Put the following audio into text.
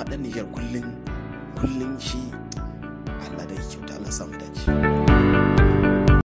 amma dan Nijar kullum kullum shi Allah da kyauta Allah samu dace